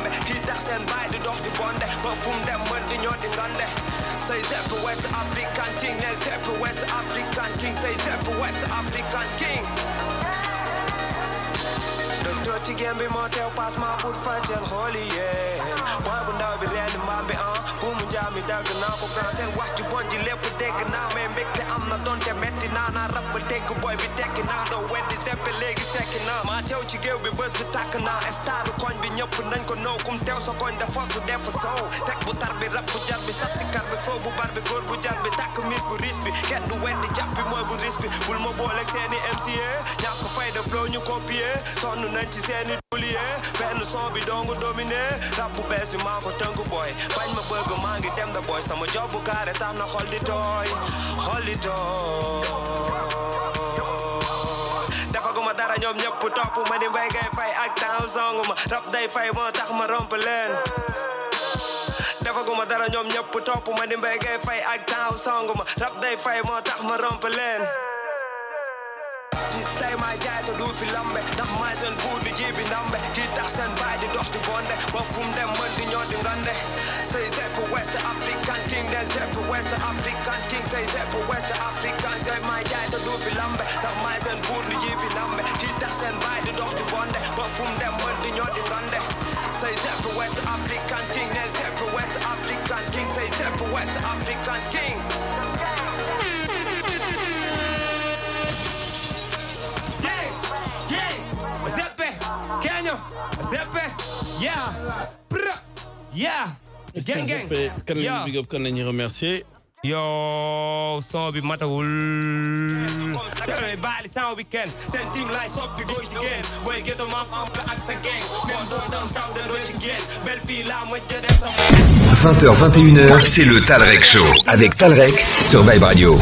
lambe di tax seen baay di dox di bonde But from them when they know ñoo di ngande say Zep west african king ne Zep west african king say Zep west african king docteur ci motel bi my teew and pour yeah. xooli yéen boy bu ndaw bi reen uh. boom bi ah bu mu njaam mi dagg naa watch you seen wax ci bon ji lépp dégg make mais i am not done overdenken, boy, we denken aan de wet is en pelegi sekken aan. Maar tel je geel, we bus betakken aan. En sta de coin, we nyappen en kon ook om tel zo coin, de vast voor never so. Tek botar, we rap, bujar, we sapsi kar, be flow, bubar, we gor, bujar, we takken mis, we rispi. Get the wet, the jappie, mooi, we rispi. Wil mo boy, like any MC, eh? Nyako fai, de flow, new copy, eh? Son nu nanchi, seni duli, eh? Ben de zombie, dongo domine. Rap, we best, we mango, tango boy. Bang me burger, mangi, them the boy. Some job, bukare, tana, hold it toy. Hold it toy. ñoom ñëpp topp ma di mbay ngay fay ak temps song ma rap day fay moo tax ma romp leen defaguma dara ñoom ñëpp topp ma di mbay ngay fay ak temps song ma rap day fay moo tax ma romp leen tey maa jaay te du fi lambe ndax maay seen buur di ji bi ndambe kii tax seen baay di dox di bonde ba fu mu dem mën di ñoo di ngande say sepp west african king del sepp west african king say sepp west african tey maa jaay te du fi lambe But from them when the Say West African King West African King Say the West African King yeah, yeah, gang gang. big remercier yow soow bi matawul tey baali saaw bi kenn seen team lights lay soppi góor jigéen booy get on my nga ak sa gang même doo doon saaw de doo jigéen belle fille la ma jëde sa 20h 21h c'est le Talrec Show avec Talrec sur Vibe Radio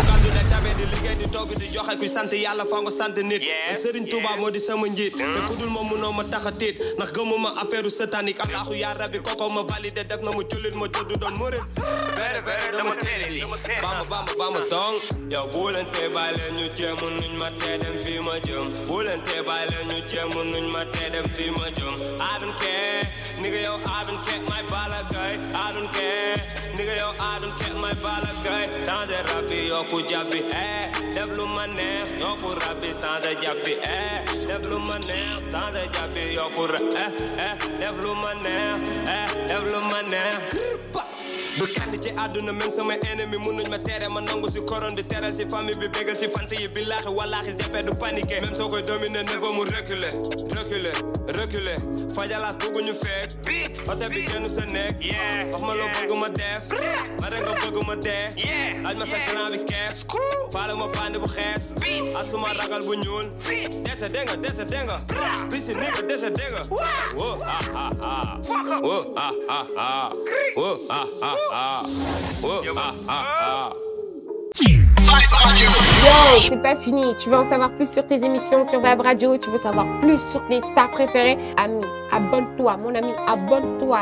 tax a kuy sant yàlla faa nga sant nit man Serigne Touba moo sama njiit hmm. te ku dul moom ma tax a gëmuma affaire satanique ak laaxu rabbi kooko ma validé def na ma jullit ma joddu doon murit vere vere dama téere li bama bama bama dong yow bu leen ñu jéem nuñ ma tee dem fii ma jëm bu leen ñu jéem nuñ ma tee dem fii ma jëm I don't care nigga yow I don't care non ku jàppi eh def lu ma ku ràppi sans a eh sans ku eh eh eh du kenn ci même sama ennemi mënuñ ma tere ma nangu si koron bi teral si famille bi bégal si fans yi billaaxi wallaaxi jàppee du paniqué même soo mu reculer reculer reculer fajalaas bëgguñu feeg Wat heb ik in zijn nek? Yeah. Mag maar yeah. lopen op mijn def. Maar ik op mijn def. Laat me zeggen naar de kef. Valen mijn panden begees. Als ze maar ragal bunjoen. Deze dingen, deze dingen. Prisse nigga, deze dingen. Wo ha ha ha. Wo ha ha ha. Wo ha ha ha. Wo ha ha ha. Fight on you. c'est pas fini. Tu veux en savoir plus sur tes émissions sur Web Radio Tu veux savoir plus sur tes stars préférées Ami, abonne-toi, mon ami, abonne-toi.